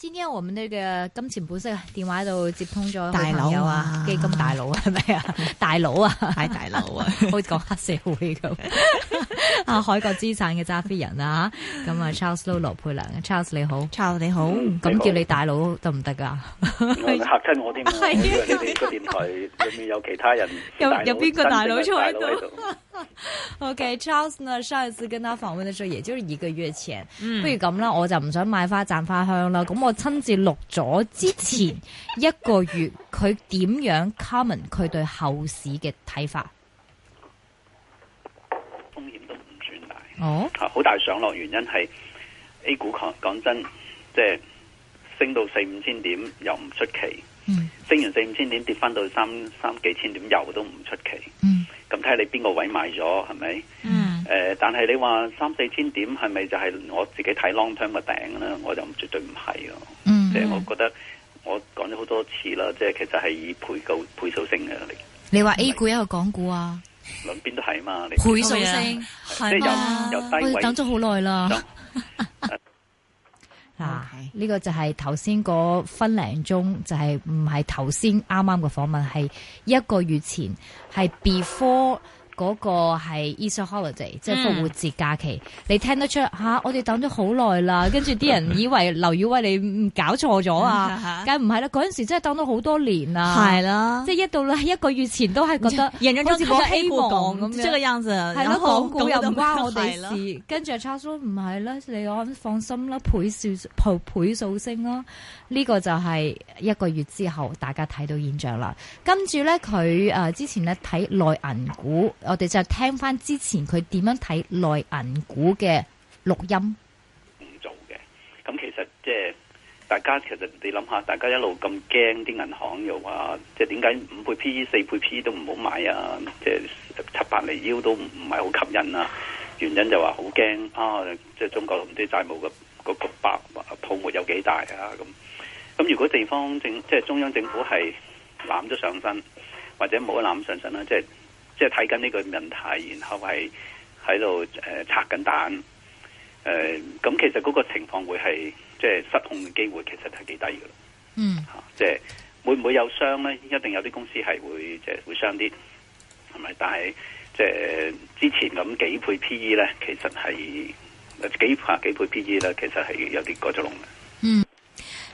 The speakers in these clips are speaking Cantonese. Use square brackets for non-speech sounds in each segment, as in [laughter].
今天我哋嘅金錢本色電話喺度接通咗，大佬啊，基金大佬啊，係咪啊？大佬啊，太大佬啊，好似講黑社會咁。阿海角資產嘅揸飛人啊，咁啊，Charles Lo 羅霈良，Charles 你好，Charles 你好，咁叫你大佬得唔得啊？我吓親我添，因為呢個電台裏面有其他人，有有邊個大佬坐喺度？O、okay, K，Charles 呢？上一次跟他訪問的時候，也就是一個月前。嗯、不如咁啦，我就唔想買花贊花香啦。咁我親自錄咗之前一個月，佢點 [laughs] 樣 comment 佢對後市嘅睇法？風險都唔算大。哦，好、啊、大上落原因係 A 股，講講真，即、就、係、是、升到四五千點又唔出奇。嗯、升完四五千點，跌翻到三三幾千點，油都唔出奇。咁睇下你邊個位買咗，係咪？誒、嗯呃，但係你話三四千點，係咪就係我自己睇 long term 嘅頂咧？我就絕對唔係咯。嗯、即係我覺得，我講咗好多次啦。即係其實係以倍數倍數升嘅。你話 A 股一個港股啊，兩邊都係啊嘛。你倍數升，嗎即係又又低位，等咗好耐啦。No. [laughs] 呢個就係頭先嗰分零鐘，就係唔係頭先啱啱嘅訪問，係一個月前，係 before。嗰個係 Easter Holiday，即係復活節假期。嗯、你聽得出吓、啊，我哋等咗好耐啦，跟住啲人以為劉宇威，你搞錯咗 [laughs] 啊？梗唔係啦，嗰陣時真係等咗好多年啦。係啦，即係一到啦一個月前都係覺得人人好似冇希望咁樣子。係啦，港股又唔關我哋事。跟住叉叔唔係啦，你放心啦，倍數倍倍數升啦、啊。呢、呢個就係一個月之後大家睇到現象啦。跟住咧佢誒之前咧睇內銀股。我哋就聽翻之前佢點樣睇內銀股嘅錄音，唔做嘅。咁其實即係大家，其實你諗下，大家一路咁驚啲銀行又話，即係點解五倍 P、四倍 P 都唔好買啊？即係七八厘 U 都唔係好吸引啊？原因就話好驚啊！即係中國同啲債務嘅嗰個爆泡沫有幾大啊？咁咁如果地方政，即係中央政府係攬咗上身，或者冇咁攬上身啦，即係。即係睇緊呢個問題，然後係喺度拆緊彈，咁、呃、其實嗰個情況會係即、就是、失控嘅機會，其實係幾低嘅嗯，嚇、啊，即、就、係、是、會唔會有傷咧？一定有啲公司係會即係、就是、傷啲，係咪？但係即、就是、之前咁幾倍 PE 咧，其實係幾嚇幾倍，幾倍 PE 咧，其實係有啲過咗龍。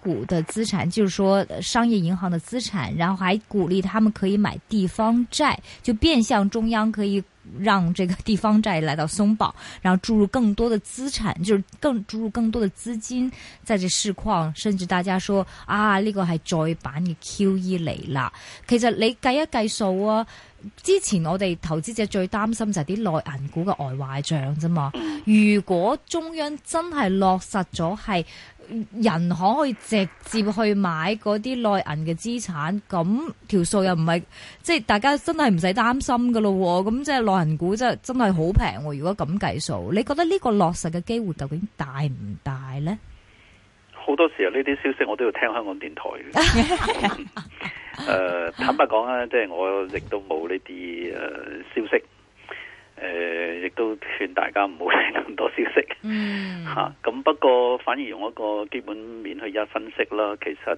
股的資產，就是說商業銀行的資產，然後還鼓勵他們可以買地方債，就變相中央可以讓這個地方債來到鬆綁，然後注入更多的資產，就是更注入更多的資金在這市況，甚至大家說啊，呢個係再版嘅 QE 嚟啦。其實你計一計數啊，之前我哋投資者最擔心就係啲內銀股嘅外壞賬啫嘛。如果中央真係落實咗係。人行可以直接去買嗰啲內銀嘅資產，咁條數又唔係，即係大家真係唔使擔心噶咯。咁即係內銀股真係真係好平。如果咁計數，你覺得呢個落實嘅機會究竟大唔大呢？好多時候呢啲消息我都要聽香港電台。誒、 [laughs] 呃，坦白講咧，即係我亦都冇呢啲誒消息。誒、呃。亦都勸大家唔好聽咁多消息，mm. 啊。嗯，吓，咁不過反而用一個基本面去一分析啦。其實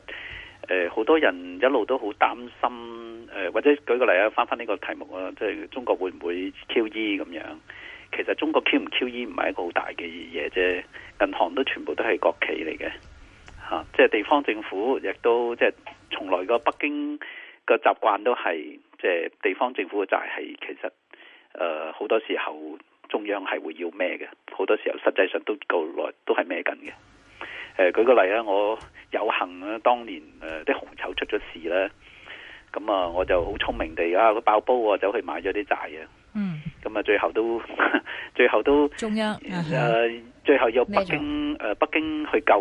誒，好、呃、多人一路都好擔心誒、呃，或者舉個例啊，翻翻呢個題目啊，即、就、係、是、中國會唔會 QE 咁樣？其實中國 Q 唔 QE 唔係一個好大嘅嘢啫。銀行都全部都係國企嚟嘅，吓、啊，即、就、係、是、地方政府亦都即係從來個北京個習慣都係即係地方政府債係其實。誒，好、呃、多時候中央係會要咩嘅，好多時候實際上都夠耐，都係咩緊嘅。誒、呃，舉個例啦，我有幸啊，當年誒啲、呃、紅籌出咗事咧，咁啊我就好聰明地啊，佢爆煲啊，走去買咗啲債啊。嗯。咁啊，最後都，最後都。中央。誒、呃，最後要北京，誒、呃、北京去救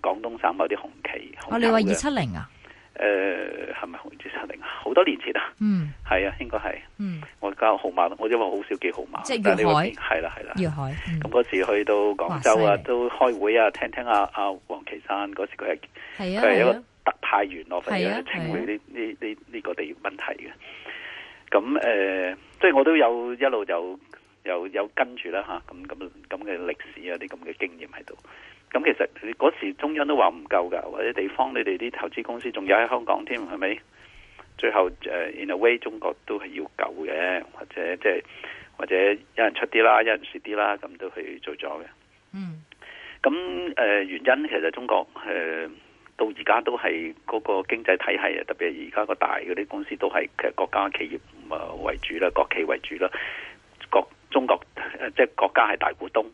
廣東省某啲紅旗。我哋話二七零啊。誒，係咪紅字七零啊？好多年前啊，嗯，係啊，應該係，嗯，我交號碼，我因為好少記號碼，但係粵海，係啦係啦，粵海，咁嗰時去到廣州啊，嘩都開會啊，聽聽阿阿王岐山嗰時佢係，係啊，佢、啊、係、啊、一個特派員咯，係啊，去處理呢呢呢呢個地問題嘅。咁誒，即、呃、係我都有一路有。有有跟住啦嚇，咁咁咁嘅歷史有啲咁嘅經驗喺度，咁其實你嗰時中央都話唔夠㗎，或者地方你哋啲投資公司仲有喺香港添係咪？最後，in a way，中國都係要救嘅，或者即係或者有人出啲啦，有人蝕啲啦，咁都去做咗嘅。嗯，咁誒原因其實中國誒到而家都係嗰個經濟體系啊，特別係而家個大嗰啲公司都係其實國家企業誒為主啦，國企為主啦。中國即係、就是、國家係大股東，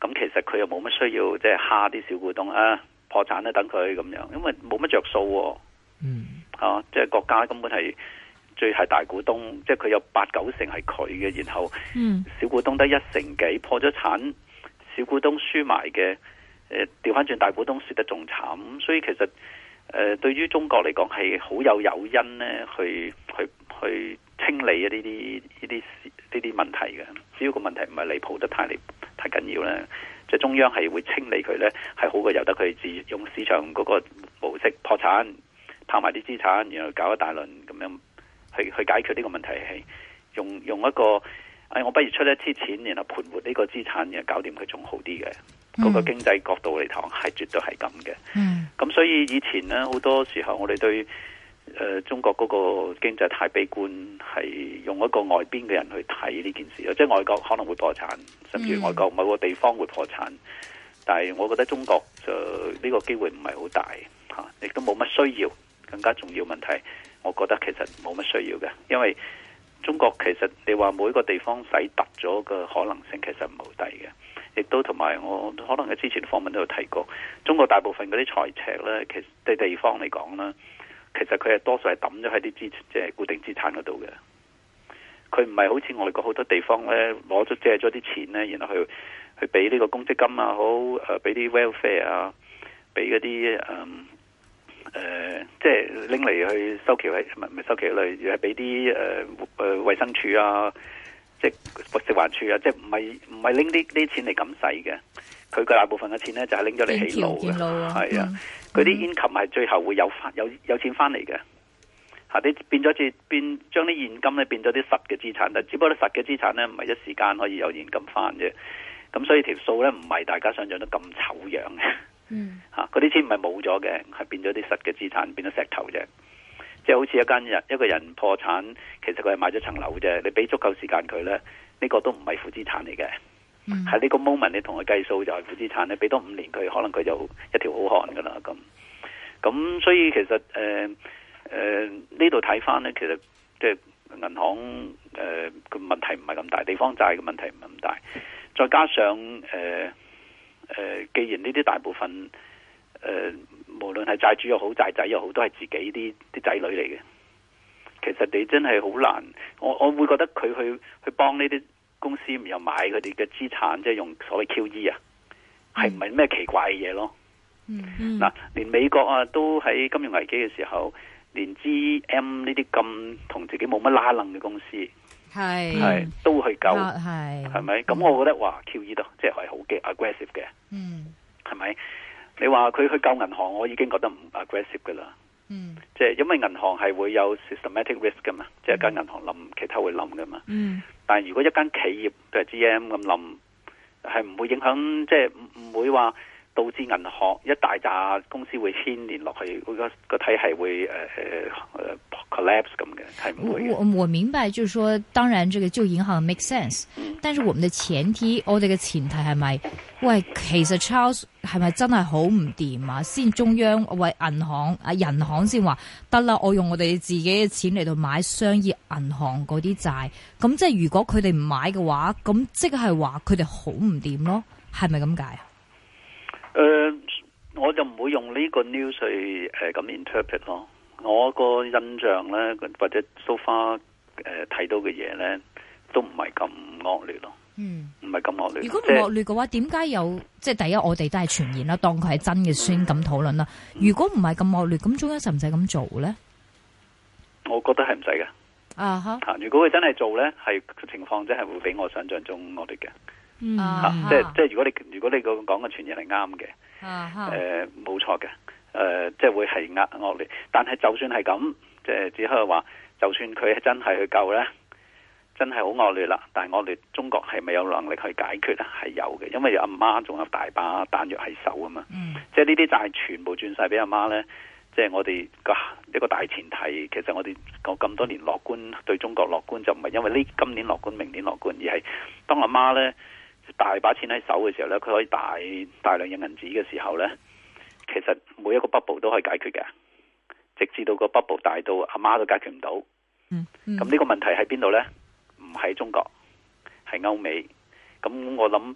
咁其實佢又冇乜需要即係蝦啲小股東啊，破產咧等佢咁樣，因為冇乜着數。嗯，啊，即、就、係、是、國家根本係最係大股東，即係佢有八九成係佢嘅，然後小股東得一成幾，破咗產，小股東輸埋嘅，誒調翻轉大股東蝕得仲慘，所以其實誒、呃、對於中國嚟講係好有誘因咧，去去去，去清理啊，呢啲呢啲呢啲問題嘅，只要個問題唔係離譜得太離太緊要咧，即係中央係會清理佢咧，係好過由得佢自用市場嗰個模式破產，拋埋啲資產，然後搞一大輪咁樣去去解決呢個問題，係用用一個哎，我不如出一啲錢，然後盤活呢個資產，然後搞掂佢仲好啲嘅。mm. 嗰個經濟角度嚟講，係絕對係咁嘅。嗯，咁所以以前咧，好多時候我哋對。誒、呃，中國嗰個經濟太悲觀，係用一個外邊嘅人去睇呢件事，即係外國可能會破產，甚至外國某個地方會破產。Mm. 但係我覺得中國就呢個機會唔係好大嚇，亦、啊、都冇乜需要。更加重要問題，我覺得其實冇乜需要嘅，因為中國其實你話每個地方使突咗嘅可能性其實唔係好低嘅，亦都同埋我可能喺之前訪問都有提過，中國大部分嗰啲財赤咧，其實對地方嚟講啦。其實佢係多數係抌咗喺啲資即係固定資產嗰度嘅，佢唔係好似外國好多地方咧，攞咗借咗啲錢咧，然後去去俾呢個公積金啊，好誒，俾啲 welfare 啊，俾嗰啲誒誒，即係拎嚟去收其類，唔係唔係收其類，而係俾啲誒誒衛生署啊，即係食環署啊，即係唔係唔係拎啲啲錢嚟咁使嘅，佢嘅大部分嘅錢咧就係拎咗嚟起路嘅，係啊。佢啲現金係最後會有翻有，有錢翻嚟嘅，嚇、啊！你變咗即變將啲現金咧變咗啲實嘅資產，但只不過啲實嘅資產呢，唔係一時間可以有現金返啫，咁所以條數呢，唔係大家想象得咁醜樣嘅，嗰、啊、啲錢唔係冇咗嘅，係變咗啲實嘅資產，變咗石頭啫。即係好似一間人一個人破產，其實佢係買咗層樓啫，你畀足夠時間佢咧，呢、呢個都唔係負資產嚟嘅。喺、mm. 呢個 moment，你同佢計數就係負資產，你俾多五年佢，佢可能佢就有一條好漢噶啦。咁咁，所以其實誒誒呢度睇翻呢，其實即係銀行誒個、呃、問題唔係咁大，地方債嘅問題唔係咁大，再加上誒誒、呃呃，既然呢啲大部分誒、呃、無論係債主又好債，仔又好，都係自己啲啲仔女嚟嘅，其實你真係好難。我我會覺得佢去去幫呢啲。公司唔又買佢哋嘅資產，即係用所謂 QE 啊，係唔係咩奇怪嘅嘢咯，嗯？嗯，嗱、啊，連美國啊都喺金融危機嘅時候，連 GM 呢啲咁同自己冇乜拉楞嘅公司，係係、嗯、都去救，係係咪？咁我覺得話 QE 都即係係好嘅 aggressive 嘅，就是、ag 嗯，係咪？你話佢去救銀行，我已經覺得唔 aggressive 噶啦。嗯，即係因為銀行係會有 systematic risk 噶嘛，即係間銀行冧，其他會冧噶嘛。嗯，但係如果一間企業嘅、就是、GM 咁冧，係唔會影響，即係唔會話導致銀行一大紮公司會牽連落去，個個體系會誒誒、呃呃、collapse 咁嘅，係唔會。我我明白，就是說，當然這個就銀行 make sense，但是我們的前提我哋嘅前提係咪？是喂，其實 Charles 係咪真係好唔掂啊？先中央喂銀行啊，銀行先話得啦，我用我哋自己嘅錢嚟到買商業銀行嗰啲債，咁即係如果佢哋唔買嘅話，咁即係話佢哋好唔掂咯？係咪咁解啊？誒、呃，我就唔會用呢個 news 誒咁、uh, interpret 咯。我個印象咧，或者 so far 誒、uh, 睇到嘅嘢咧，都唔係咁惡劣咯。嗯，唔係咁惡劣。如果唔惡劣嘅話，點解、就是、有即係第一，我哋都係傳言啦，當佢係真嘅先咁討論啦。嗯、如果唔係咁惡劣，咁中央使唔使咁做咧？我覺得係唔使㗎。啊、uh huh. 如果佢真係做咧，係情況真係會比我想象中惡劣嘅。嗯，吓，即係即係，如果你如果你講嘅傳言係啱嘅，誒、uh，冇錯嘅，誒、呃，即係會係壓惡劣。但係就算係咁，即係只可以話，就算佢真係去救咧。真係好惡劣啦，但係我哋中國係咪有能力去解決呢？係有嘅，因為阿媽仲有大把彈藥喺手啊嘛。嗯、即係呢啲就係全部轉晒俾阿媽呢。即係我哋個一個大前提，其實我哋咁多年樂觀、嗯、對中國樂觀，就唔係因為呢今年樂觀，明年樂觀，而係當阿媽呢大把錢喺手嘅時候呢，佢可以大大量嘅銀紙嘅時候呢，其實每一個 bubble 都可以解決嘅，直至到個 bubble 大到阿媽都解決唔到。咁呢、嗯嗯、個問題喺邊度呢？唔喺中國，喺歐美。咁我諗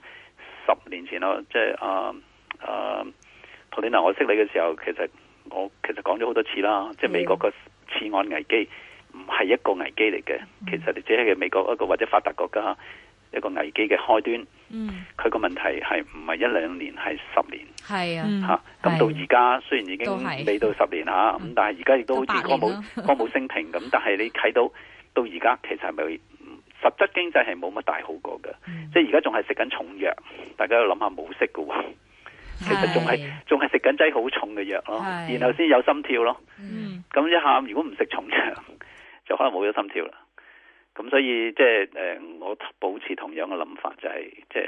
十年前咯，即係啊啊，陶麗娜，我識你嘅時候，其實我其實講咗好多次啦。的即係美國個次按危機唔係一個危機嚟嘅，嗯、其實只係美國一個或者發達國家一個危機嘅開端。佢個、嗯、問題係唔係一兩年，係十年。係啊，吓咁到而家雖然已經未到十年吓，咁是、嗯、但係而家亦都好似歌舞昇平咁，但係你睇到到而家其實係咪？實質經濟係冇乜大好過嘅，嗯、即係而家仲係食緊重藥，大家都諗下冇食嘅，其實仲係仲係食緊劑好重嘅藥咯，是然後先有心跳咯。咁、嗯、一下如果唔食重藥，就可能冇咗心跳啦。咁所以即係，誒，我保持同樣嘅諗法、就是，就係即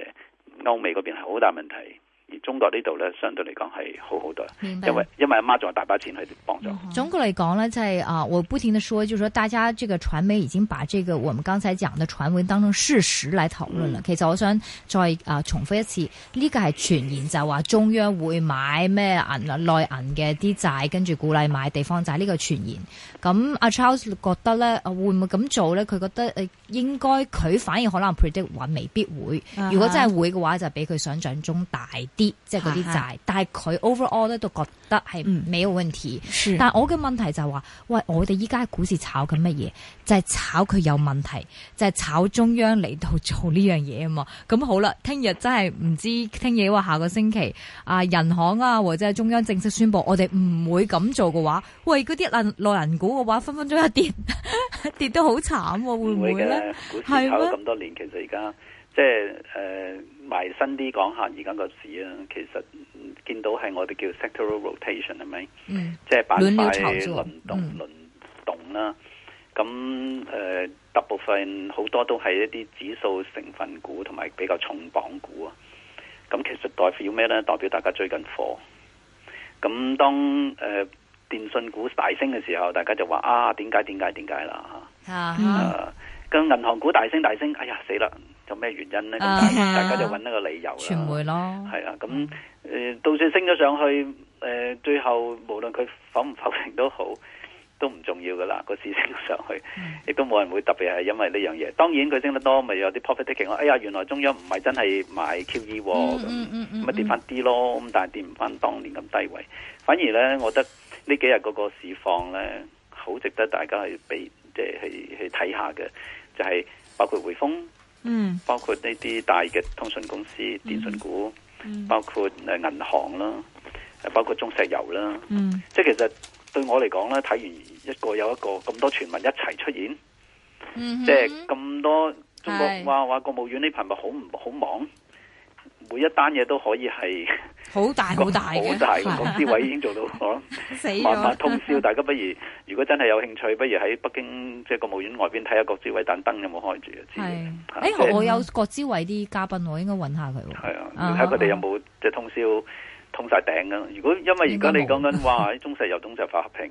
係歐美嗰邊係好大問題。而中國呢度咧，相對嚟講係好好多白因，因為因為阿媽仲有大把錢去幫幫助。嗯、哼總括嚟講咧，即係啊，我不停的說，就是說大家這個傳媒已經把這個我們剛才講的傳聞當成事實嚟討論了。嗯、其實我想再啊重複一次，呢、這個係傳言，就話中央會買咩銀內銀嘅啲債，跟住鼓勵買地方債呢、這個傳言。咁阿 Charles 覺得咧，會唔會咁做咧？佢覺得應應該佢反而可能 predict 話未必會。啊、哈如果真係會嘅話，就比佢想象中大。啲即係嗰啲債，是是但係佢 overall 咧都覺得係冇問題。是但係我嘅問題就係話，是，喂，我哋依家股市炒緊乜嘢？就係、是、炒佢有問題，就係、是、炒中央嚟到做呢樣嘢啊嘛。咁好啦，聽日真係唔知聽嘢話下個星期啊，銀行啊或者係中央正式宣布，我哋唔會咁做嘅話，喂，嗰啲內內銀股嘅話，分分鐘一跌跌得好慘，會唔會嘅？股市炒咗咁多年，嗎其實而家即係誒。呃埋新啲講下而家個市啊，其實見到係我哋叫 sectoral rotation 係咪？嗯、即係板塊輪動、嗯、輪動啦。咁誒、大、呃、部分好多都係一啲指數成分股同埋比較重磅股啊。咁其實代表咩呢？代表大家追緊貨。咁當誒、呃、電信股大升嘅時候，大家就話啊點解點解點解啦嚇。咁、啊嗯啊、銀行股大升，大升，哎呀死啦！有咩原因咧？咁、啊、大家就揾一個理由啦。傳媒咯，係啦、啊。咁誒、呃，到算升咗上去，誒、呃，最後無論佢否唔否定都好，都唔重要噶啦。個市上升咗上去，亦、嗯、都冇人會特別係因為呢樣嘢。當然佢升得多，咪、就是、有啲 profit taking。哎呀，原來中央唔係真係買 QE，咁咪跌翻啲咯。咁但係跌唔翻當年咁低位。反而咧，我覺得呢幾日嗰個市況咧，好值得大家去俾即係去睇下嘅，就係、是、包括匯豐。嗯，包括呢啲大嘅通訊公司、電信股，mm hmm. 包括誒銀行啦，包括中石油啦，嗯、mm，hmm. 即係其實對我嚟講呢，睇完一個有一個咁多傳聞一齊出現，即係咁多中國話話國務院呢排咪好唔好忙？每一單嘢都可以係好大好大好大嘅。國資委已經做到，死慢慢通宵，大家不如，如果真係有興趣，不如喺北京即係國務院外邊睇下國資委等燈有冇開住啊？係，誒，我有國資委啲嘉賓我應該揾下佢。係啊，睇佢哋有冇即係通宵通晒頂啊！如果因為而家你講緊話喺中石油、中石化合併。